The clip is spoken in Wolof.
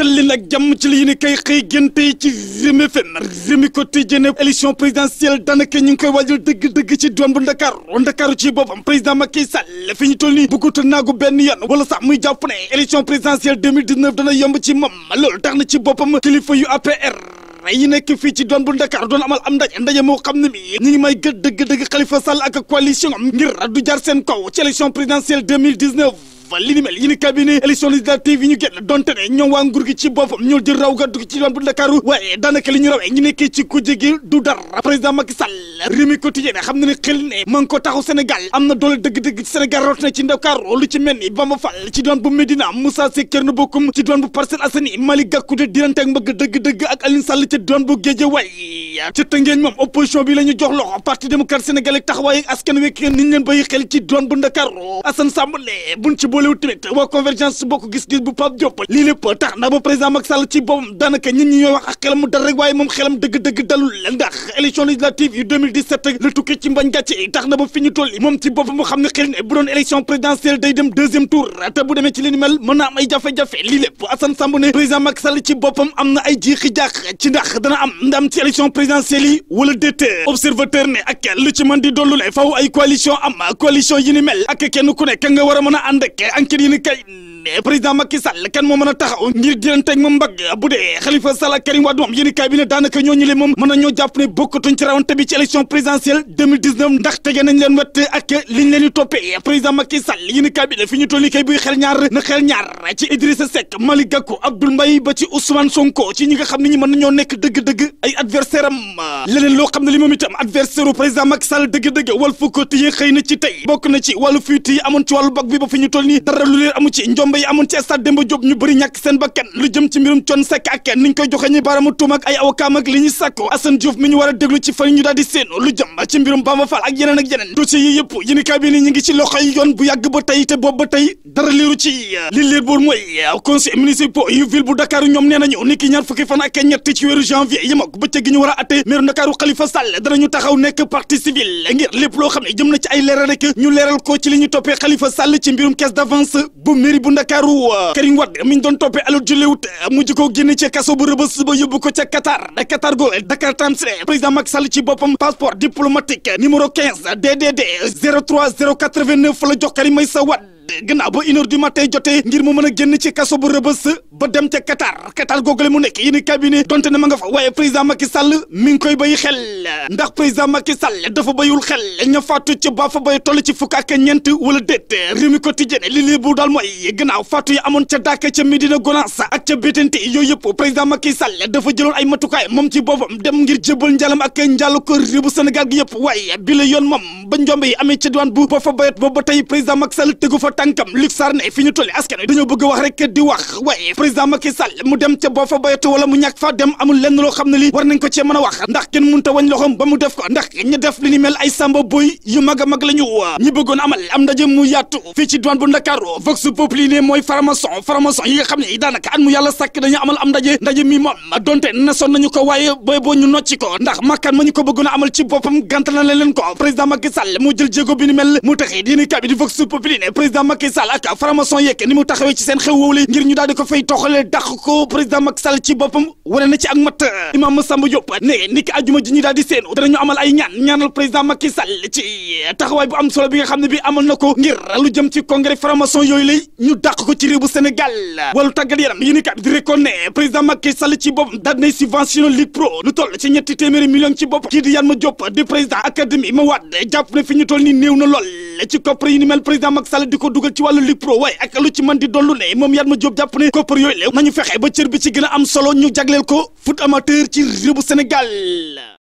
dalli nag jàmm ci li ñu kay xëy génte yi ci Rewmi FM Rewmi Quotidien élection présidentielle daanaka ñu ngi koy waajal dëgg-dëgg ci doom bu Ndakaaru Ndakaaru ci boppam président Macky Sall fi ñu toll nii bëgguta naagu benn yoon wala sax muy jàpp ne élection présidentielle 2019 dana yomb ci moom loolu tax na ci boppam kilifa yu APR yi nekk fii ci doon bu Dakar doon amal am ndaje ndaje moo xam ne mi ñu ngi may gët dëgg dëgg Khalifa Sall ak coalition am ngir du jar seen kaw ci élection présidentielle 2019 li ni mel yéen i cabinet élection législative yi génn donte ne ñoom waa nguur gi ci boppam ñoo jël raw gàddu gi ci yoon bu Ndakaaru waaye daanaka li ñu rawee ñu nekkee ci kujje gi du dara président Macky Sall Rewmi Quotidien xam na ne xel ne ma ngi ko taxu Sénégal am na doole dëgg-dëgg ci Sénégal rot na ci Ndakaaru lu ci mel ni Bamba Fall ci doon bu Médina Moussa Seck Thierno Bocoum ci doon bu Parcelles Assainies Malick Gakou dirante ak mbëgg dëgg-dëgg ak Alioune Sall ci ya ci tëngeen moom opposition bi la jox loxo parti démocrate sénégalais taxawaay askan wekk niñ leen bàyyi xel ci doon bu ndakaaru Assane Samb ne buñ ci boolewu tamit waa convergence bokk gis-gis bu Pape Diop lii lépp tax na ba président Macky ci boppam ci mbañ gàcce tax na ba fi ñu toll moom ci boppam mu xam ne xel ne bu doon élection présidentielle day dem deuxième tour te bu demee ci li ni mel mën na jafe-jafe lii lépp Assane Samb président Macky présidentielle yi wala déet observateur ne ak lu ci mën di dollu ne faw ay coalition am coalition yi ni mel ak kenn ku ne ka nga war a mën a ànd ak enquête yi ni kay ne président Macky Sall kan moo mën a taxaw ngir diranteeg moom mbagg bu Khalifa Sall ak Karim Wade moom yéen i kaay bi le moom mën na ñoo jàpp ne bokkatuñ ci rawante bi ci élection présidentielle 2019 ndax tege nañ leen wett ak liñ leen di président Macky Sall yéen i kaay bi kay buy xel ñaar na xel ñaar ci Idrissa Seck Malick Gakou Abdoul Mbaye ba ci Ousmane Sonko ci ñi nga xam ne ñi mën na ñoo nekk dëgg-dëgg ay adversaire am leneen loo xam ne li moom làmb yi amoon ci stade Demba Diop ñu bëri ñàkk seen bakkan lu jëm ci mbirum Thione Seck ak niñ koy joxe ñi baaraamu tuuma ak ay awkaam ak li ñuy sàkko Assane ñu war a ci fan ñu daal di lu jëm ci mbirum Bamba Fall ak yeneen ak yeneen dossiers yi yëpp yéen bi ni ñi ci loxo yoon bu yàgg ba tey te boobu ba tey dara liiru ci li liir bu mooy conseil ci ñu war a atte maire Ndakaaru Khalifa Sall danañu taxaw nekk partie civile ngir lépp xam ne jëm Ndakaaru Karim Wade mi ñu doon toppee alal julliwut mujj ko génne ca kaso bu rëbës ba yóbbu ko ca Qatar Qatar go Dakar Times président Macky Sall ci boppam passeport diplomatique numéro 15 DDD 03089 la jox Karim Meïssa Wade gannaaw ba une heure du matin jotee ngir mu mën a génn ci kaso bu rëbës ba dem ca Qatar Qatar googule mu nekk yéen i cabinet donte ne ma nga fa waaye président Macky Sall mi ngi koy béyi xel ndax président Macky Sall dafa béyul xel ña faatu ci ba fa bay toll ci fukk ñeent wala déet réew mi li bu daal mooy gannaaw faatu yi amoon ca Dakar ca Medina Gonaas ak ca Bétente yooyu yëpp président Macky Sall dafa jëloon ay matukaay moom ci boppam dem ngir jébal njalam ak njàllu ko réew bu Sénégal gi yëpp waaye bi la yoon moom ba njombe yi amee ca diwaan bu ba fa bayot boobu ba tey président Macky Sall tegu fa tànkam Luc Sarr ne fi ñu toll askan dañoo bëgg wax rek di wax waaye président Macky Sall mu dem ca boo fa bayatu wala mu ñàkk fa dem amul lenn xam ne lii war nañ ko cee mën wax ndax kenn mënta wañ loxoom mu def ko ndax ñu def mu boo jël jéego bi ni mel mu taxi diini kabi di vox populi ne président Macky Sall ak faramason yeek ni mu taxawee ci seen xew woowu ngir ñu daal di ko fay tox doxalee dàq ko président Macky Sall ci boppam wane na ci ak mat imaam Massamba Diop ne ni ajuma ji ñu daal di seenu danañu amal ay ñaan ñaanal président Macky Sall ci taxawaay bu xam ne bi amal na boppam daal nay subventionné Pro lu toll ci ñetti téeméeri million ci bopp kii di Yann Diop di président académie ma waat jàpp fi ñu toll nii néew na lool ci koppar yi ni mel président Macky Sall di ko dugal ci wàllu Ligue Pro waaye ak lu ci mën di dollu ne moom Yann Diop jàpp ne yooyu léew nañu fexe ba cër bi ci gën a am solo ñu jagleel ko foot amateur ci réewu Sénégal